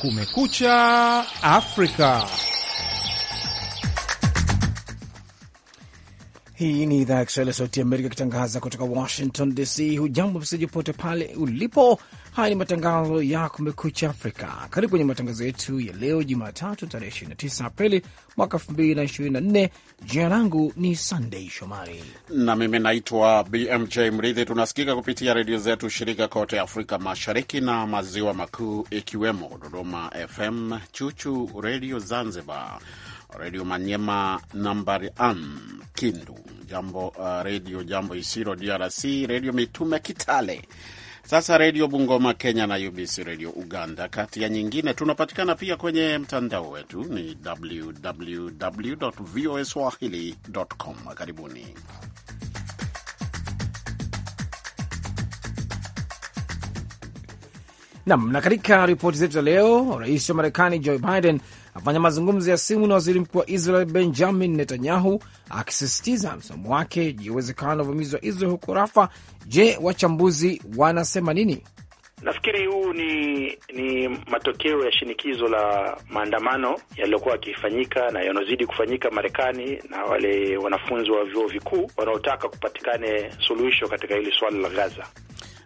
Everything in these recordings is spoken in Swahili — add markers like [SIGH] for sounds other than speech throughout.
Kumekucha Afrika. Hii ni idhaa ya Kiswahili ya Sauti ya Amerika ikitangaza kutoka Washington DC. Hujambo msikilizaji popote pale ulipo, Haya ni matangazo ya Kumekucha Afrika. Karibu kwenye matangazo yetu ya leo Jumatatu, tarehe 29 Aprili mwaka 2024. Jina langu ni Sandei Shomari na mimi naitwa BMJ Mridhi. Tunasikika kupitia redio zetu shirika kote Afrika Mashariki na Maziwa Makuu, ikiwemo Dodoma FM, Chuchu Redio Zanzibar, Redio Manyema nambari an Kindu, Jambo uh, Redio Jambo Isiro DRC, Redio Mitume Kitale sasa Redio Bungoma Kenya na UBC Redio Uganda, kati ya nyingine. Tunapatikana pia kwenye mtandao wetu ni www voa swahili.com. Karibuni. Nam, na katika ripoti zetu za leo, rais wa Marekani Joe Biden afanya mazungumzo ya simu na waziri mkuu wa Israel Benjamin Netanyahu, akisisitiza msimamo wake juu ya uwezekano wa uvamizi wa Israel huko Rafa. Je, wachambuzi wanasema nini? Nafikiri huu ni ni matokeo ya shinikizo la maandamano yaliyokuwa yakifanyika na yanaozidi kufanyika Marekani na wale wanafunzi wa vyuo vikuu wanaotaka kupatikane suluhisho katika hili swala la Gaza.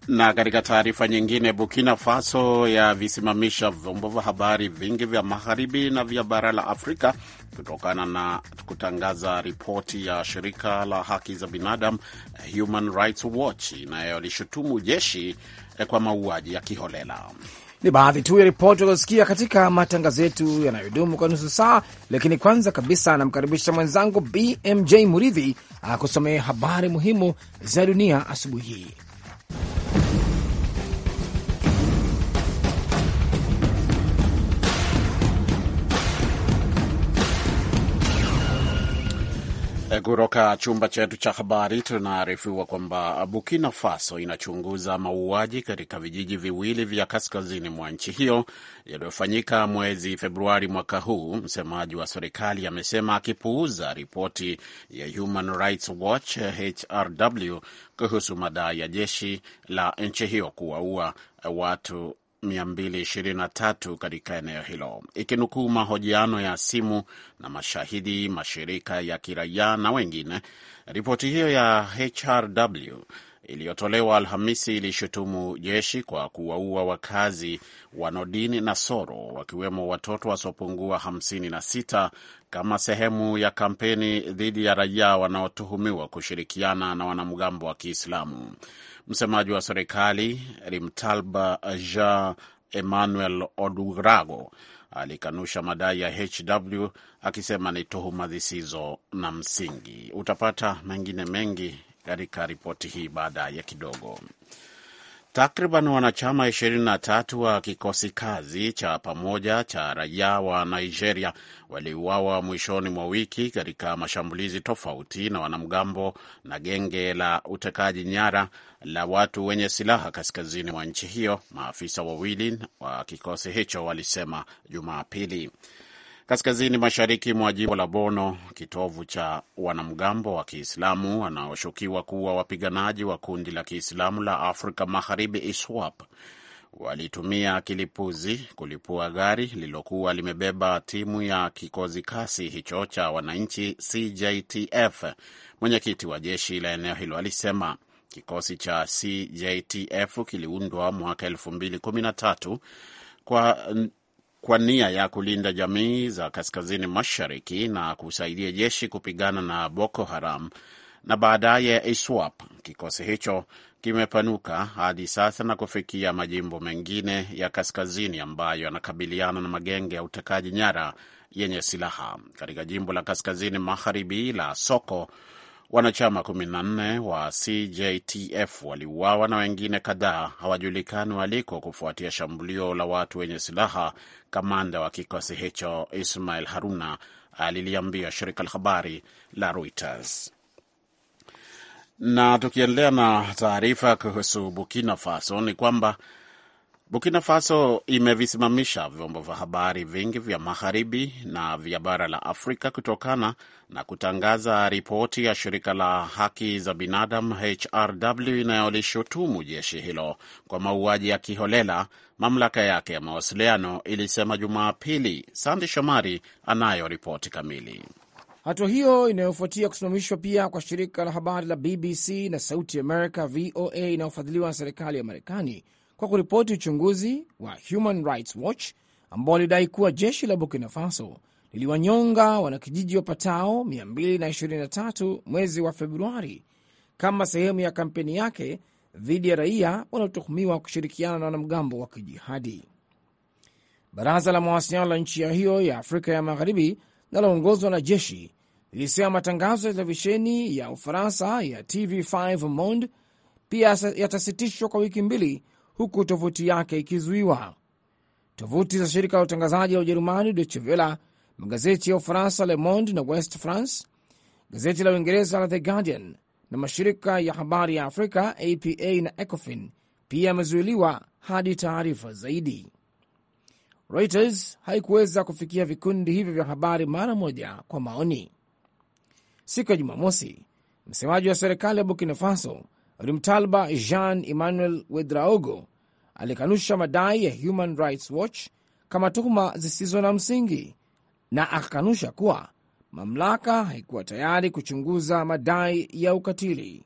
Na katika taarifa nyingine, Burkina Faso yavisimamisha vyombo vya habari vingi vya magharibi na vya bara la Afrika kutokana na kutangaza ripoti ya shirika la haki za binadamu Human Rights Watch inayolishutumu jeshi eh, kwa mauaji ya kiholela. Ni baadhi tu ya ripoti uliosikia katika matangazo yetu yanayodumu kwa nusu saa. Lakini kwanza kabisa, anamkaribisha mwenzangu BMJ Muridhi akusomee habari muhimu za dunia asubuhi hii. Eh, kutoka chumba chetu cha habari tunaarifiwa kwamba Burkina Faso inachunguza mauaji katika vijiji viwili vya kaskazini mwa nchi hiyo yaliyofanyika mwezi Februari mwaka huu, msemaji wa serikali amesema, akipuuza ripoti ya Human Rights Watch HRW kuhusu madai ya jeshi la nchi hiyo kuwaua watu 223 katika eneo hilo. Ikinukuu mahojiano ya simu na mashahidi, mashirika ya kiraia na wengine, ripoti hiyo ya HRW iliyotolewa Alhamisi ilishutumu jeshi kwa kuwaua wakazi wa Nodini na Soro, wakiwemo watoto wasiopungua 56 kama sehemu ya kampeni dhidi ya raia wanaotuhumiwa kushirikiana na wanamgambo wa Kiislamu. Msemaji wa serikali Rimtalba Ja Emmanuel Odurago alikanusha madai ya HW akisema ni tuhuma zisizo na msingi. Utapata mengine mengi katika ripoti hii baadaye kidogo. Takriban wanachama 23 wa kikosi kazi cha pamoja cha raia wa Nigeria waliuawa mwishoni mwa wiki katika mashambulizi tofauti na wanamgambo na genge la utekaji nyara la watu wenye silaha kaskazini mwa nchi hiyo, maafisa wawili wa kikosi hicho walisema Jumapili kaskazini mashariki mwa jimbo la Bono, kitovu cha wanamgambo wa Kiislamu wanaoshukiwa kuwa wapiganaji wa kundi la Kiislamu la Afrika Magharibi, ISWAP, walitumia kilipuzi kulipua gari lililokuwa limebeba timu ya kikosi kasi hicho cha wananchi CJTF. Mwenyekiti wa jeshi la eneo hilo alisema kikosi cha CJTF kiliundwa mwaka 2013 kwa kwa nia ya kulinda jamii za kaskazini mashariki na kusaidia jeshi kupigana na Boko Haram na baadaye ISWAP. Kikosi hicho kimepanuka hadi sasa na kufikia majimbo mengine ya kaskazini ambayo yanakabiliana na magenge ya utekaji nyara yenye silaha. Katika jimbo la kaskazini magharibi la Soko, Wanachama 14 wa CJTF waliuawa na wengine kadhaa hawajulikani waliko kufuatia shambulio la watu wenye silaha. Kamanda wa kikosi hicho Ismail Haruna aliliambia shirika la habari la Reuters. Na tukiendelea na taarifa kuhusu Burkina Faso ni kwamba Burkina Faso imevisimamisha vyombo vya habari vingi vya magharibi na vya bara la Afrika kutokana na kutangaza ripoti ya shirika la haki za binadamu HRW inayolishutumu jeshi hilo kwa mauaji ya kiholela, mamlaka yake ya mawasiliano ilisema Jumapili. Sandi Shomari anayo ripoti kamili. Hatua hiyo inayofuatia kusimamishwa pia kwa shirika la habari la BBC na Sauti America VOA inayofadhiliwa na serikali ya Marekani kwa kuripoti uchunguzi wa Human Rights Watch ambao walidai kuwa jeshi la Burkina Faso liliwanyonga wanakijiji wapatao 223 mwezi wa Februari kama sehemu ya kampeni yake dhidi ya raia wanaotuhumiwa kushirikiana na wanamgambo wa kijihadi. Baraza la mawasiliano la nchi hiyo ya Afrika ya Magharibi linaloongozwa na jeshi lilisema matangazo ya televisheni ya Ufaransa ya TV5 Monde pia yatasitishwa kwa wiki mbili huku tovuti yake ikizuiwa. Tovuti za shirika la utangazaji la Ujerumani Deutsche Welle, magazeti ya Ufaransa Le Monde na West France, gazeti la Uingereza la The Guardian na mashirika ya habari ya Afrika APA na Ecofin pia yamezuiliwa hadi taarifa zaidi. Reuters haikuweza kufikia vikundi hivyo vya habari mara moja kwa maoni. Siku ya Jumamosi, msemaji wa serikali ya Burkina Faso Rimtalba Jean Emmanuel Wedraogo alikanusha madai ya Human Rights Watch kama tuhuma zisizo na msingi na akakanusha kuwa mamlaka haikuwa tayari kuchunguza madai ya ukatili.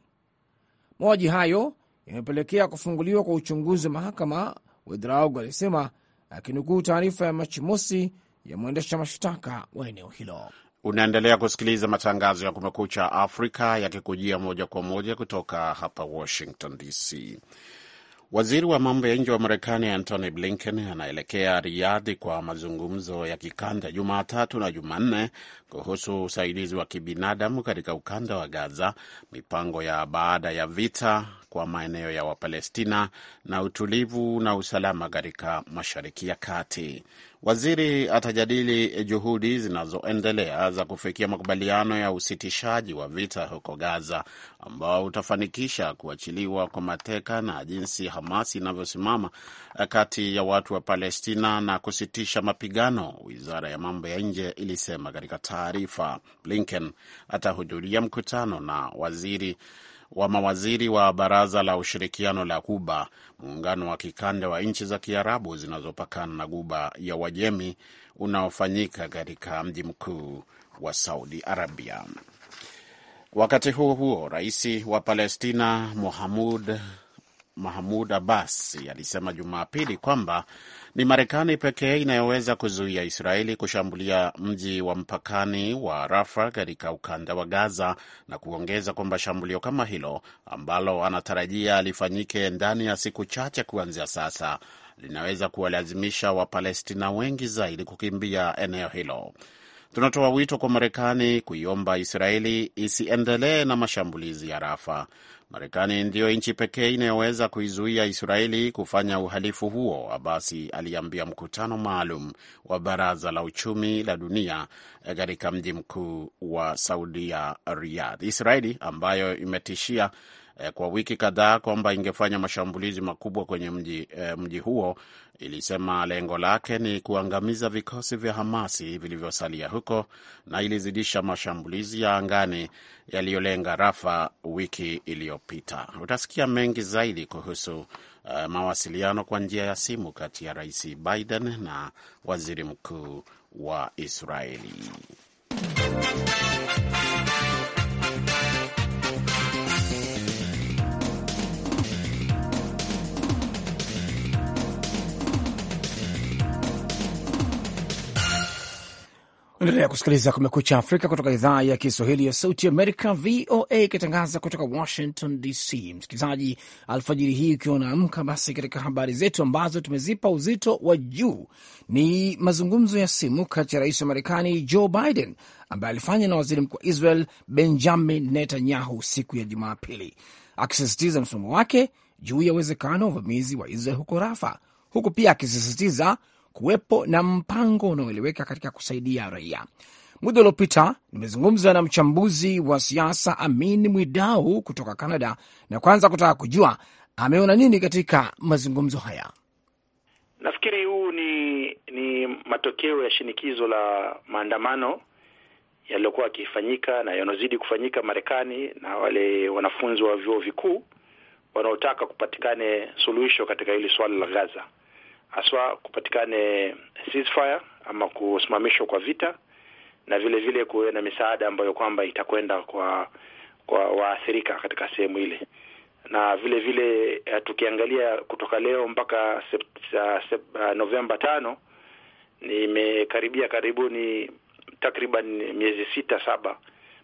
Mauaji hayo yamepelekea kufunguliwa kwa uchunguzi wa mahakama, Wedraogo alisema akinukuu taarifa ya Machi mosi ya mwendesha mashtaka wa eneo hilo. Unaendelea kusikiliza matangazo ya Kumekucha Afrika yakikujia moja kwa moja kutoka hapa Washington DC. Waziri wa mambo ya nje wa Marekani Antony Blinken anaelekea Riadhi kwa mazungumzo ya kikanda Jumatatu na Jumanne kuhusu usaidizi wa kibinadamu katika ukanda wa Gaza, mipango ya baada ya vita kwa maeneo ya Wapalestina na utulivu na usalama katika Mashariki ya Kati. Waziri atajadili juhudi zinazoendelea za kufikia makubaliano ya usitishaji wa vita huko Gaza ambao utafanikisha kuachiliwa kwa mateka na jinsi Hamas inavyosimama kati ya watu wa Palestina na kusitisha mapigano, wizara ya mambo ya nje ilisema katika taarifa. Blinken atahudhuria mkutano na waziri wa mawaziri wa Baraza la Ushirikiano la Kuba, muungano wa kikanda wa nchi za Kiarabu zinazopakana na Guba ya wajemi unaofanyika katika mji mkuu wa Saudi Arabia. Wakati huo huo, rais wa Palestina Mahmud Abbas alisema Jumapili kwamba ni Marekani pekee inayoweza kuzuia Israeli kushambulia mji wa mpakani wa Rafa katika ukanda wa Gaza, na kuongeza kwamba shambulio kama hilo ambalo anatarajia lifanyike ndani ya siku chache kuanzia sasa linaweza kuwalazimisha Wapalestina wengi zaidi kukimbia eneo hilo. Tunatoa wito kwa Marekani kuiomba Israeli isiendelee na mashambulizi ya Rafa. Marekani ndiyo nchi pekee inayoweza kuizuia Israeli kufanya uhalifu huo, Abasi aliambia mkutano maalum wa Baraza la Uchumi la Dunia katika mji mkuu wa Saudia, Riyadh. Israeli ambayo imetishia eh, kwa wiki kadhaa kwamba ingefanya mashambulizi makubwa kwenye mji, eh, mji huo. Ilisema lengo lake ni kuangamiza vikosi vya Hamasi vilivyosalia huko na ilizidisha mashambulizi ya angani yaliyolenga Rafa wiki iliyopita. Utasikia mengi zaidi kuhusu uh, mawasiliano kwa njia ya simu kati ya Rais Biden na Waziri Mkuu wa Israeli. Endelea kusikiliza Kumekucha Afrika kutoka idhaa ya Kiswahili ya Sauti Amerika, VOA, ikitangaza kutoka Washington DC. Msikilizaji, alfajiri hii ukiwa unaamka, basi katika habari zetu ambazo tumezipa uzito wa juu ni mazungumzo ya simu kati ya rais wa Marekani Joe Biden ambaye alifanya na waziri mkuu wa Israel Benjamin Netanyahu siku ya Jumapili, akisisitiza msimamo wake juu ya uwezekano wa uvamizi wa Israel huko Rafa, huku pia akisisitiza kuwepo na mpango unaoeleweka katika kusaidia raia. Muda uliopita nimezungumza na mchambuzi wa siasa Amin Mwidau kutoka Canada, na kwanza kutaka kujua ameona nini katika mazungumzo haya. Nafikiri huu ni, ni matokeo ya shinikizo la maandamano yaliyokuwa yakifanyika na yanaozidi kufanyika Marekani na wale wanafunzi wa vyuo vikuu wanaotaka kupatikane suluhisho katika hili swala la Gaza haswa kupatikane ceasefire ama kusimamishwa kwa vita, na vile vile kuwe na misaada ambayo kwamba itakwenda kwa kwa waathirika katika sehemu ile, na vile vile eh, tukiangalia kutoka leo mpaka ah, Novemba tano, nimekaribia karibuni takriban miezi sita saba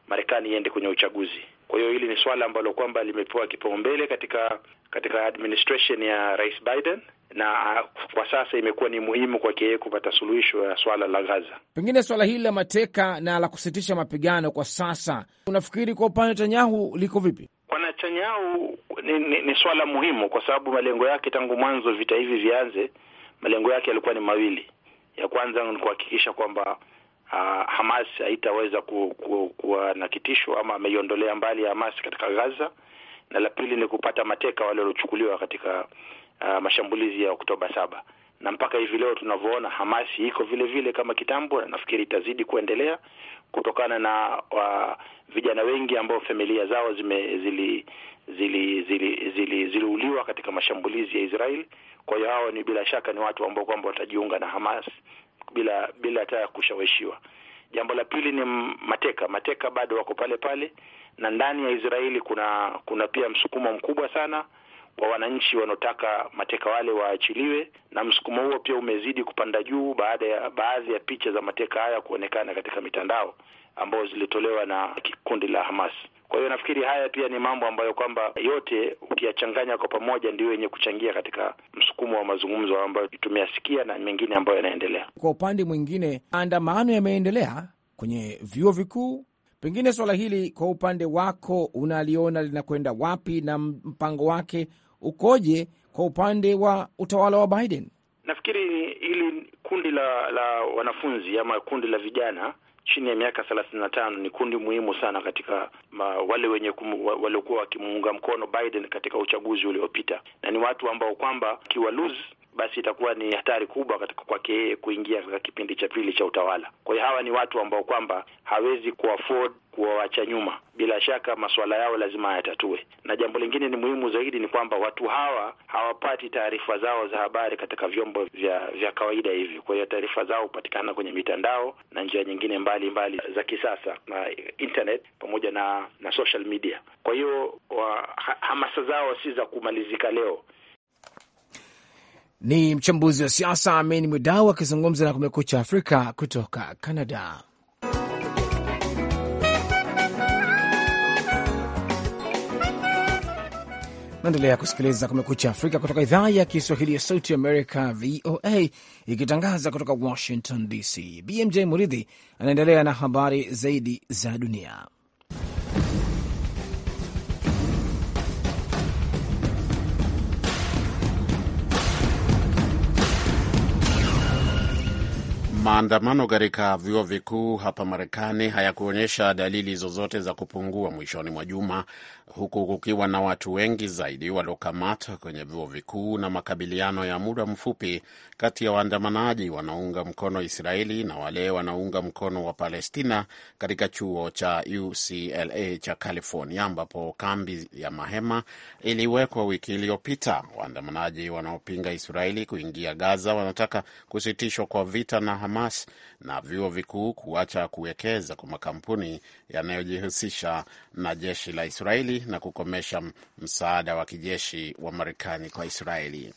Marekani iende kwenye uchaguzi. Kwa hiyo hili ni swala ambalo kwamba limepewa kipaumbele katika katika administration ya Rais Biden na ah, kwa sasa imekuwa ni muhimu kwake yeye kupata suluhisho ya swala la Gaza. Pengine swala hili la mateka na la kusitisha mapigano kwa sasa, unafikiri kwa upande wa Netanyahu liko vipi? Kwa Netanyahu ni, ni, ni swala muhimu kwa sababu malengo yake tangu mwanzo vita hivi vianze, malengo yake yalikuwa ni mawili. Ya kwanza ni kuhakikisha kwamba uh, Hamas haitaweza kuwa ku, na kitisho ama ameiondolea mbali ya Hamas katika Gaza, na la pili ni kupata mateka wale waliochukuliwa katika uh, mashambulizi ya Oktoba saba, na mpaka hivi leo tunavyoona hamasi iko vile vile kama kitambo, na nafikiri itazidi kuendelea kutokana na uh, vijana wengi ambao familia zao zime, zili zili zili zili ziliuliwa katika mashambulizi ya Israeli. Kwa hiyo hao ni bila shaka ni watu ambao kwamba watajiunga na Hamas bila bila hata kushawishiwa. Jambo la pili ni mateka. Mateka bado wako pale pale, na ndani ya Israeli kuna kuna pia msukumo mkubwa sana wa wananchi wanaotaka mateka wale waachiliwe, na msukumo huo pia umezidi kupanda juu baada ya baadhi ya picha za mateka haya kuonekana katika mitandao ambayo zilitolewa na kikundi la Hamas. Kwa hiyo nafikiri haya pia ni mambo ambayo kwamba yote ukiyachanganya kwa pamoja ndio yenye kuchangia katika msukumo wa mazungumzo ambayo tumeyasikia na mengine ambayo yanaendelea. Kwa upande mwingine, maandamano yameendelea kwenye vyuo vikuu. Pengine swala hili kwa upande wako unaliona linakwenda wapi na mpango wake ukoje kwa upande wa utawala wa Biden? Nafikiri hili kundi la la wanafunzi ama kundi la vijana chini ya miaka thelathini na tano ni kundi muhimu sana katika ma, wale wenye waliokuwa wakimuunga mkono Biden katika uchaguzi uliopita, na ni watu ambao kwamba kiwa lose basi itakuwa ni hatari kubwa katika kwake yeye kuingia katika kipindi cha pili cha utawala. Kwa hiyo hawa ni watu ambao kwamba hawezi kuafford kuwawacha nyuma. Bila shaka masuala yao lazima hayatatue na jambo lingine ni muhimu zaidi ni kwamba watu hawa hawapati taarifa zao za habari katika vyombo vya vya kawaida hivi. Kwa hiyo taarifa zao hupatikana kwenye mitandao na njia nyingine mbalimbali mbali za kisasa na internet pamoja na na social media. Kwa hiyo hamasa zao si za kumalizika leo. Ni mchambuzi wa siasa Amin Mwidau akizungumza na Kumekucha Afrika kutoka Canada. Naendelea kusikiliza Kumekucha Afrika kutoka idhaa ya Kiswahili ya Sauti Amerika, VOA, ikitangaza kutoka Washington DC. BMJ Muridhi anaendelea na habari zaidi za dunia. Maandamano katika vyuo vikuu hapa Marekani hayakuonyesha dalili zozote za kupungua mwishoni mwa juma, huku kukiwa na watu wengi zaidi waliokamatwa kwenye vyuo vikuu na makabiliano ya muda mfupi kati ya waandamanaji wanaounga mkono Israeli na wale wanaounga mkono wa Palestina katika chuo cha UCLA cha California, ambapo kambi ya mahema iliwekwa wiki iliyopita. Waandamanaji wanaopinga Israeli kuingia Gaza wanataka kusitishwa kwa vita na Hamas na vyuo vikuu kuacha kuwekeza kwa makampuni yanayojihusisha na jeshi la Israeli na kukomesha msaada wa kijeshi wa Marekani kwa Israeli.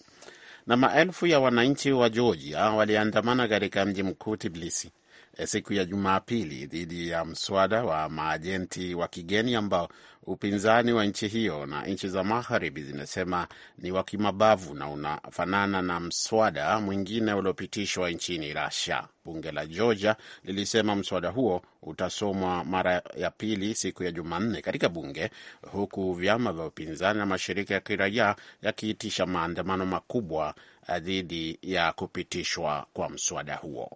Na maelfu ya wananchi wa Georgia waliandamana katika mji mkuu Tbilisi Eh, siku ya Jumapili dhidi ya mswada wa maajenti wa kigeni ambao upinzani wa nchi hiyo na nchi za magharibi zinasema ni wa kimabavu na unafanana na mswada mwingine uliopitishwa nchini Russia. Bunge la Georgia lilisema mswada huo utasomwa mara ya pili siku ya Jumanne katika bunge, huku vyama vya upinzani na mashirika ya kiraia yakiitisha maandamano makubwa eh, dhidi ya kupitishwa kwa mswada huo.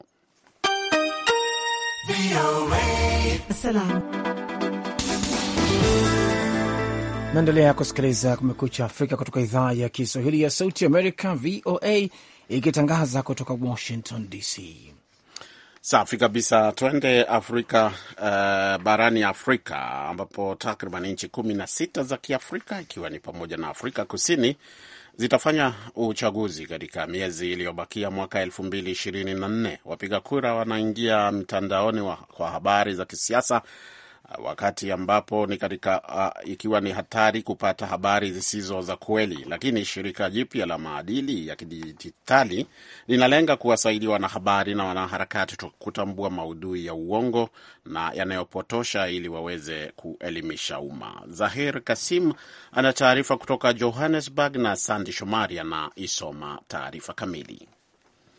Naendelea kusikiliza Kumekucha Afrika kutoka idhaa ya Kiswahili ya Sauti Amerika, VOA, ikitangaza kutoka Washington DC. Safi kabisa, twende Afrika uh, barani Afrika ambapo takriban nchi kumi na sita za Kiafrika ikiwa ni pamoja na Afrika Kusini zitafanya uchaguzi katika miezi iliyobakia mwaka elfu mbili ishirini na nne. Wapiga kura wanaingia mtandaoni wa, kwa habari za kisiasa wakati ambapo ni katika uh, ikiwa ni hatari kupata habari zisizo za kweli. Lakini shirika jipya la maadili ya kidijitali linalenga kuwasaidia wanahabari na wanaharakati kutambua maudhui ya uongo na yanayopotosha ili waweze kuelimisha umma. Zahir Kasim ana taarifa kutoka Johannesburg na Sandi Shomari anaisoma taarifa kamili.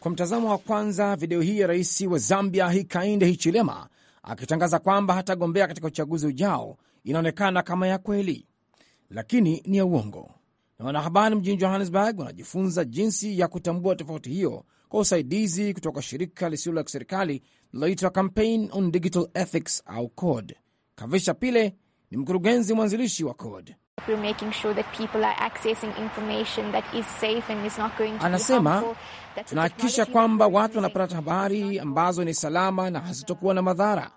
Kwa mtazamo wa kwanza, video hii ya rais wa Zambia hikainde Hichilema akitangaza kwamba hatagombea katika uchaguzi ujao inaonekana kama ya kweli, lakini ni ya uongo, na wanahabari mjini Johannesburg wanajifunza jinsi ya kutambua tofauti hiyo kwa usaidizi kutoka shirika lisilo la kiserikali linaloitwa Campaign on Digital Ethics au CODE. Kavisha Pile ni mkurugenzi mwanzilishi wa CODE. Anasema tunahakikisha kwamba watu wanapata habari ambazo ni salama na hazitokuwa na madhara,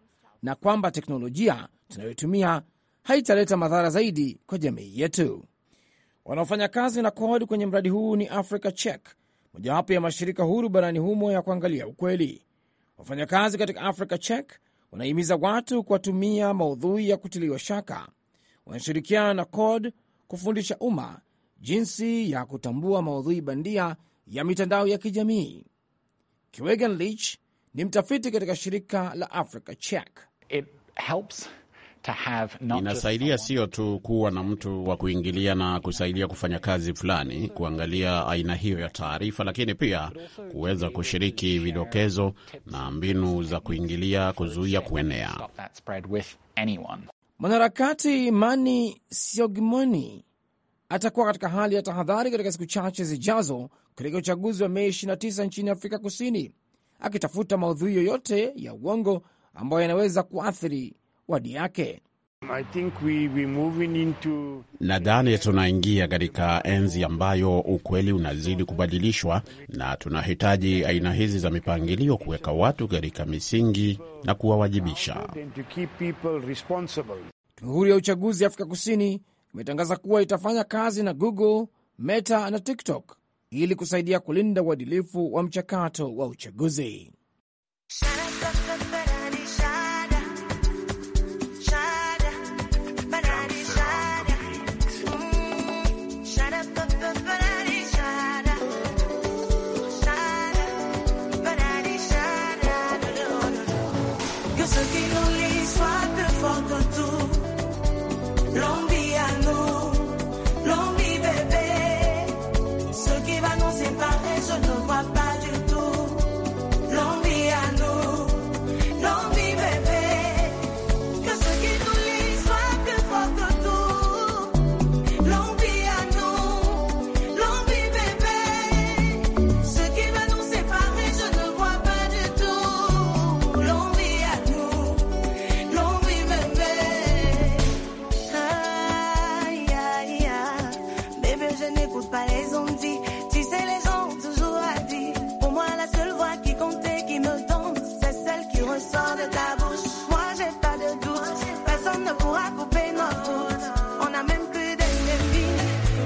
na kwamba teknolojia tunayotumia haitaleta madhara zaidi kwa jamii yetu. Wanaofanya kazi na CORD kwenye mradi huu ni Africa Check, mojawapo ya mashirika huru barani humo ya kuangalia ukweli. Wafanyakazi katika Africa Check wanahimiza watu kuwatumia maudhui ya kutiliwa shaka wanashirikiana na CORD kufundisha umma jinsi ya kutambua maudhui bandia ya mitandao ya kijamii. Kwegan Leach ni mtafiti katika shirika la Africa Check. It helps to have not inasaidia sio tu kuwa na mtu wa kuingilia na kusaidia kufanya kazi fulani, kuangalia aina hiyo ya taarifa, lakini pia kuweza kushiriki vidokezo na mbinu za kuingilia, kuzuia kuenea. Mwanaharakati Mani Siogimoni atakuwa katika hali ya tahadhari katika siku chache zijazo katika uchaguzi wa Mei 29 nchini Afrika Kusini, akitafuta maudhui yoyote ya uongo ambayo yanaweza kuathiri wadi yake. Into... nadhani tunaingia katika enzi ambayo ukweli unazidi kubadilishwa na tunahitaji aina hizi za mipangilio kuweka watu katika misingi na kuwawajibisha. Huru ya uchaguzi Afrika Kusini imetangaza kuwa itafanya kazi na Google, Meta na TikTok ili kusaidia kulinda uadilifu wa mchakato wa uchaguzi.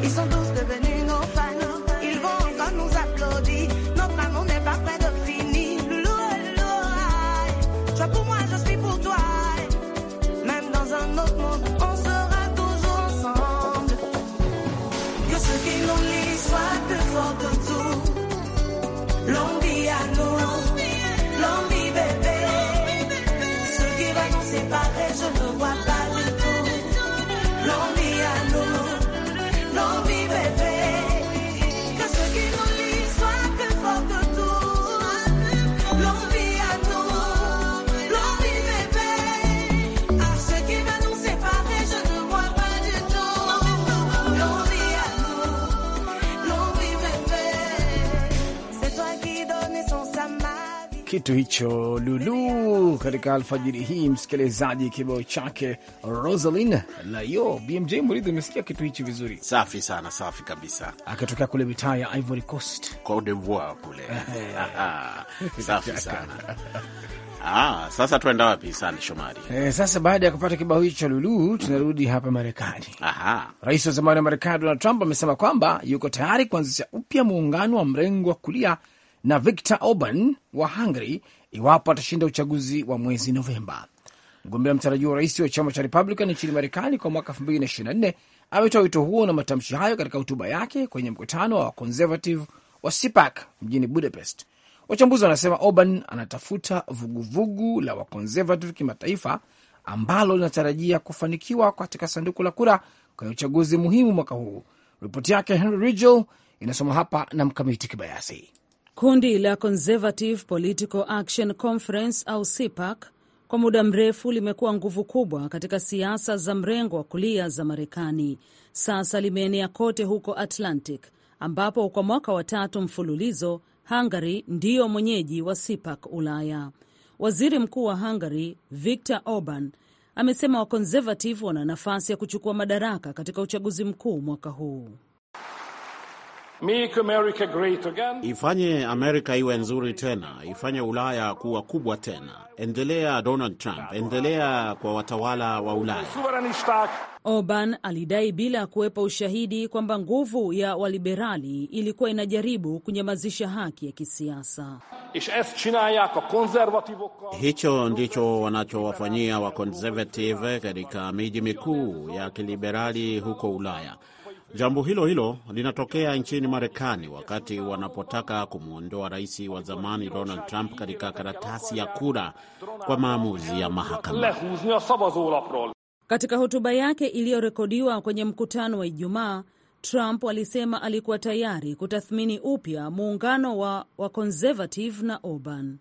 E são kitu hicho Lulu katika alfajiri hii, msikilizaji. Kibao chake Rosalin Layo. BMJ Muridhi, umesikia kitu hichi vizuri? Safi sana, safi kabisa, akitokea kule mitaa ya Ivory Coast, Cote d'Ivoire kule [LAUGHS] safi sana Ah, sasa tuenda wapi sana Shomari? Eh, sasa baada ya kupata kibao hicho cha Lulu tunarudi hapa Marekani. Rais wa zamani wa Marekani Donald Trump amesema kwamba yuko tayari kuanzisha upya muungano wa mrengo wa kulia na Viktor Orban wa Hungary iwapo atashinda uchaguzi wa mwezi Novemba. Mgombea mtarajiwa wa rais wa chama cha Republican nchini Marekani kwa mwaka 2024 ametoa wito huo na matamshi hayo katika hotuba yake kwenye mkutano wa Conservative wa CPAC mjini Budapest. Wachambuzi wanasema Orban anatafuta vuguvugu vugu la waconservative kimataifa ambalo linatarajia kufanikiwa katika sanduku la kura kwenye uchaguzi muhimu mwaka huu. Ripoti yake Henry Rigel inasoma hapa na Mkamiti Kibayasi. Kundi la Conservative Political Action Conference au CPAC kwa muda mrefu limekuwa nguvu kubwa katika siasa za mrengo wa kulia za Marekani. Sasa limeenea kote huko Atlantic, ambapo kwa mwaka wa tatu mfululizo Hungary ndiyo mwenyeji wa CPAC Ulaya. Waziri mkuu wa Hungary Viktor Orban amesema conservative wana nafasi ya kuchukua madaraka katika uchaguzi mkuu mwaka huu. Make America great again. Ifanye Amerika iwe nzuri tena, ifanye Ulaya kuwa kubwa tena. Endelea Donald Trump, endelea kwa watawala wa Ulaya. Orban alidai bila kuwepo ushahidi kwamba nguvu ya waliberali ilikuwa inajaribu kunyamazisha haki ya kisiasa. Hicho ndicho wanachowafanyia wakonservative katika miji mikuu ya kiliberali huko Ulaya. Jambo hilo hilo linatokea nchini Marekani wakati wanapotaka kumwondoa rais wa zamani Donald Trump katika karatasi ya kura kwa maamuzi ya mahakama. Katika hotuba yake iliyorekodiwa kwenye mkutano wa Ijumaa, Trump alisema alikuwa tayari kutathmini upya muungano wa wakonservative na Orban.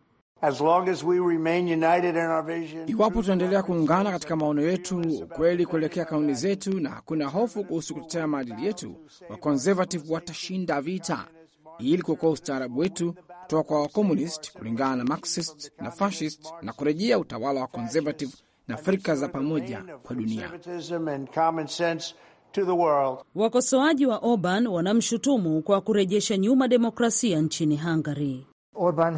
Iwapo tunaendelea kuungana katika maono yetu, ukweli kuelekea kanuni zetu, na hakuna hofu kuhusu kutetea maadili yetu, wakonservative watashinda vita ili kuokoa ustaarabu wetu kutoka kwa wakomunist kulingana na marxist na fascist na kurejea utawala wa conservative na afrika za pamoja kwa dunia. Wakosoaji wa Orban wanamshutumu kwa kurejesha nyuma demokrasia nchini Hungary. Orban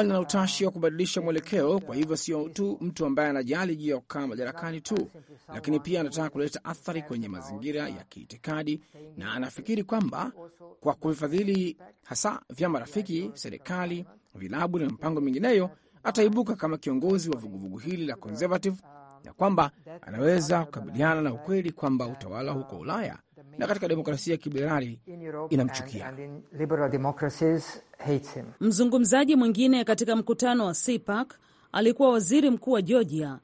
ana utashi wa kubadilisha mwelekeo. Kwa hivyo sio tu mtu ambaye anajali juu ya kukaa madarakani tu, lakini pia anataka kuleta athari kwenye mazingira ya kiitikadi, na anafikiri kwamba kwa kuvifadhili hasa vyama rafiki, serikali, vilabu na mipango mingineyo, uh, ataibuka kama kiongozi wa vuguvugu hili la uh, conservative, um, na kwamba anaweza kukabiliana na ukweli kwamba utawala huko uh, Ulaya na katika demokrasia ya kiberali inamchukia. Mzungumzaji mwingine katika mkutano wa CPAC alikuwa waziri mkuu wa Georgia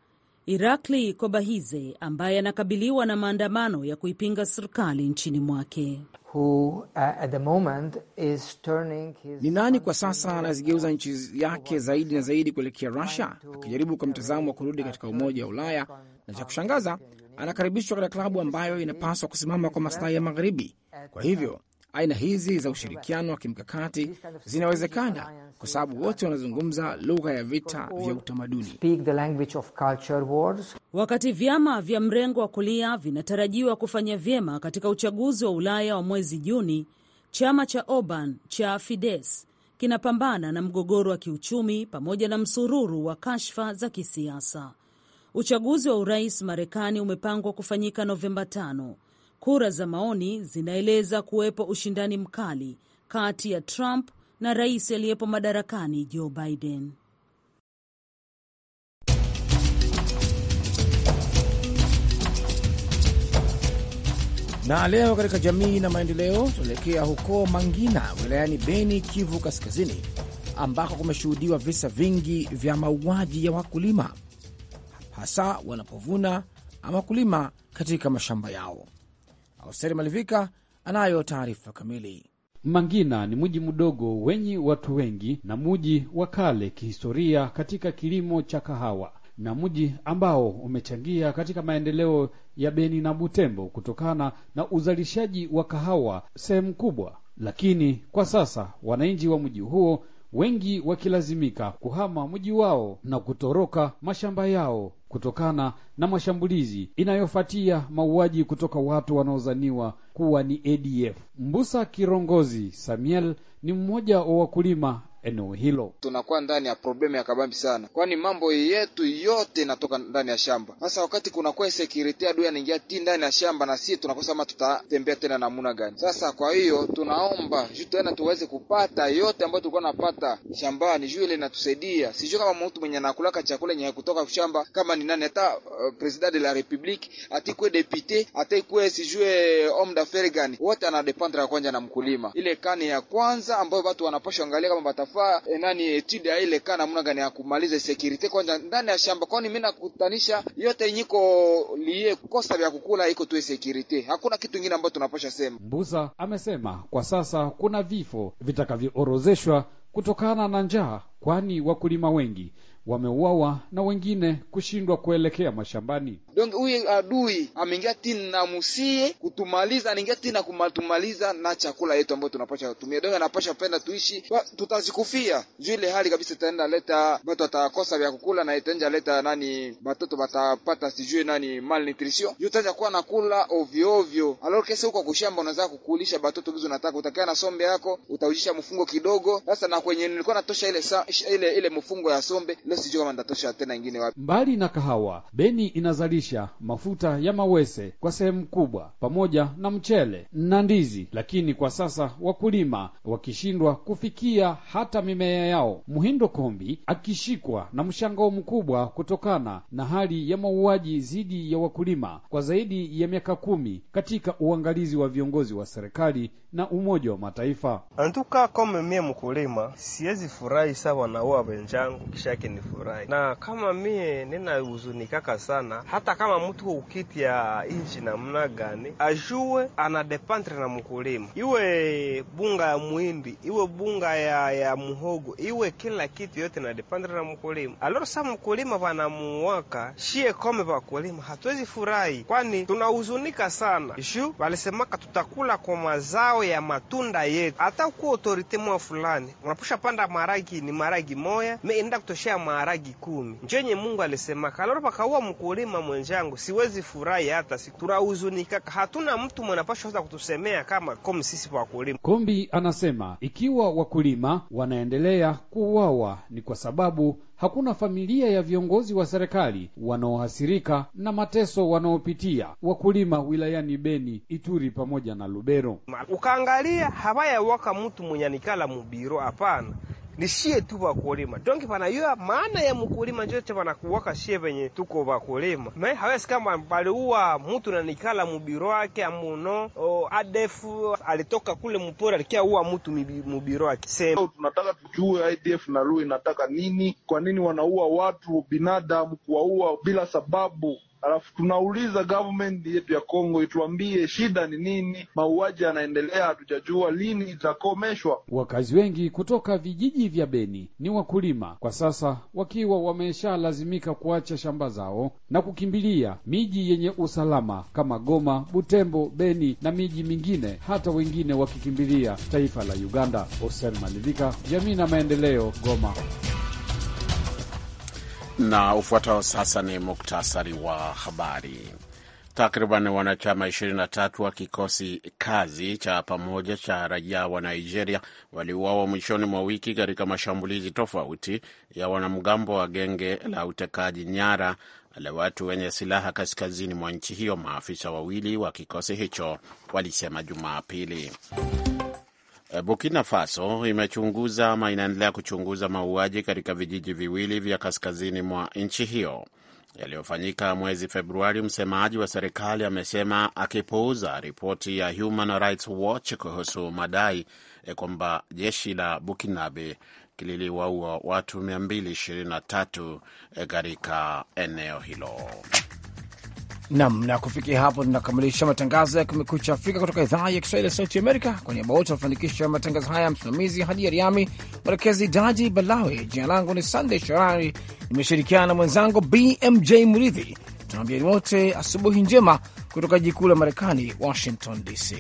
Irakli Kobahize ambaye anakabiliwa na maandamano ya kuipinga serikali nchini mwake. Who, uh, at the moment is turning his... ni nani kwa sasa anazigeuza nchi yake zaidi na zaidi kuelekea Russia, akijaribu kwa mtazamo wa kurudi katika Umoja wa Ulaya, na cha kushangaza anakaribishwa katika klabu ambayo inapaswa kusimama kwa maslahi ya Magharibi. Kwa hivyo aina hizi za ushirikiano wa kimkakati zinawezekana kwa sababu wote wanazungumza lugha ya vita vya utamaduni. Wakati vyama vya mrengo wa kulia vinatarajiwa kufanya vyema katika uchaguzi wa Ulaya wa mwezi Juni, chama cha Orban cha Fides kinapambana na mgogoro wa kiuchumi pamoja na msururu wa kashfa za kisiasa. Uchaguzi wa urais Marekani umepangwa kufanyika Novemba tano. Kura za maoni zinaeleza kuwepo ushindani mkali kati ya Trump na rais aliyepo madarakani Joe Biden. Na leo katika jamii na maendeleo, tunaelekea huko Mangina wilayani Beni, Kivu Kaskazini, ambako kumeshuhudiwa visa vingi vya mauaji ya wakulima hasa wanapovuna ama kulima katika mashamba yao. Austeri Malivika anayo taarifa kamili. Mangina ni mji mdogo wenye watu wengi na mji wa kale kihistoria katika kilimo cha kahawa na mji ambao umechangia katika maendeleo ya Beni na Butembo kutokana na uzalishaji wa kahawa sehemu kubwa. Lakini kwa sasa wananchi wa mji huo wengi wakilazimika kuhama mji wao na kutoroka mashamba yao kutokana na mashambulizi inayofuatia mauaji kutoka watu wanaozaniwa kuwa ni ADF. Mbusa Kirongozi Samuel ni mmoja wa wakulima eneo hilo. Tunakuwa ndani ya problemu ya kabambi sana, kwani mambo yetu yote inatoka ndani ya shamba. Sasa wakati kunakuwa insekurite, adui anaingia ti ndani ya shamba, na sisi tunakosa ma tutatembea tena namuna gani? Sasa kwa hiyo tunaomba juu tena tuweze kupata yote ambayo tulikuwa napata shambani, juu ile inatusaidia. Sijui kama mtu mwenye anakulaka chakula yenye kutoka shamba kama ni nani, hata uh, president de la republique atikwe depute atikwe sijue uh, homme d'affaires gani, wote anadependre ya kwanja na mkulima. Ile kani ya kwanza ambayo watu wanapashwa angalia kama bata inafaa e, eh, nani etude eh, ile kana namna gani ya kumaliza security kwanza ndani ya shamba, kwani mimi nakutanisha yote nyiko liye kosa vya kukula iko tu security, hakuna kitu kingine ambacho tunapasha sema. Mbusa amesema kwa sasa kuna vifo vitakavyoorozeshwa kutokana na njaa, kwani wakulima wengi wameuawa na wengine kushindwa kuelekea mashambani. Donc huyu adui ameingia tini na musie kutumaliza, aningia tini na kumatumaliza na chakula yetu ambayo tunapasha kutumia. Donc anapasha penda tuishi, tutazikufia juu ile hali kabisa, itaenda leta watu watakosa vya kukula na itaenda leta nani, watoto watapata sijui nani malnutrition, juu itaenda kuwa nakula ovyo ovyo. Alors kesa huko kushamba unaweza kukulisha watoto kizu unataka, utakaa na sombe yako utaujisha mfungo kidogo. Sasa na kwenye nilikuwa natosha ile ile ile mfungo ya sombe ile sijui kama nitatosha tena ingine wapi. Mbali na kahawa, Beni inazalisha mafuta ya mawese kwa sehemu kubwa, pamoja na mchele na ndizi, lakini kwa sasa wakulima wakishindwa kufikia hata mimea yao. Muhindo Kombi akishikwa na mshangao mkubwa kutokana na hali ya mauaji dhidi ya wakulima kwa zaidi ya miaka kumi katika uangalizi wa viongozi wa serikali na Umoja wa Mataifa. Antuka kome mie mkulima siwezi furahi sawa na uwa wenzangu kishake ni furahi, na kama mie ninahuzunikaka sana, hata kama mtu ukiti ya inchi namna gani, ajue dependre na mkulima, iwe bunga ya muhindi, iwe bunga ya, ya muhogo, iwe kila kitu yote dependre na mkulima. Alor sa mkulima vanamuwaka shie kome vakulima hatuwezi furahi, kwani tunahuzunika sana. Ishu walisemaka tutakula kwa mazao mazao ya matunda yetu. Hata uko autorite mwa fulani unaposha panda maragi ni maragi moya me enda kutoshea maragi kumi, njenye Mungu alisema kaloro pakaua mkulima mwenjangu, siwezi furahi hata si turahuzunika. Hatuna mtu mwanapasha weza kutusemea kama komi sisi wakulima. Kombi anasema ikiwa wakulima wanaendelea kuuawa ni kwa sababu hakuna familia ya viongozi wa serikali wanaohasirika na mateso wanaopitia wakulima wilayani Beni, Ituri pamoja na Lubero. Ukaangalia habaya waka mtu mwenye mubiro, hapana shie tu vakulima donki vanayoya maana ya mukulima njote vanakuwaka shie venye tuko vakulima me hawezi kama paliuwa mutu nanikala mubiro wake amuno ADF alitoka kule mupori alikiauwa mutu mubiro wake sema tunataka tujue ADF na lu inataka nini kwa nini wanaua watu binadamu kuwaua bila sababu alafu tunauliza government yetu ya Kongo ituambie shida ni nini? Mauaji yanaendelea, hatujajua lini itakomeshwa. Wakazi wengi kutoka vijiji vya Beni ni wakulima kwa sasa, wakiwa wameshalazimika kuacha shamba zao na kukimbilia miji yenye usalama kama Goma, Butembo, Beni na miji mingine, hata wengine wakikimbilia taifa la Uganda. Osen Malivika, jamii na maendeleo, Goma. Na ufuatao sasa ni muktasari wa habari. Takriban wanachama 23 wa kikosi kazi cha pamoja cha raia wa Nigeria waliuawa mwishoni mwa wiki katika mashambulizi tofauti ya wanamgambo wa genge la utekaji nyara la watu wenye silaha kaskazini mwa nchi hiyo, maafisa wawili wa kikosi hicho walisema Jumapili. Eh, Burkina Faso imechunguza ama inaendelea kuchunguza mauaji katika vijiji viwili vya kaskazini mwa nchi hiyo yaliyofanyika mwezi Februari, msemaji wa serikali amesema akipuuza ripoti ya Human Rights Watch kuhusu madai eh, kwamba jeshi la Bukinabe liliwaua watu 223 eh, katika eneo hilo nam na kufikia hapo tunakamilisha matangazo ya Kumekucha Afrika kutoka idhaa ya Kiswahili ya Sauti Amerika. Kwa niaba wote wafanikisha matangazo haya, msimamizi hadi ya riami mwelekezi Daji Balawe. Jina langu ni Sandey sharari nimeshirikiana na mwenzangu BMJ Mridhi. tunaambiani wote asubuhi njema kutoka jikuu la Marekani, Washington DC.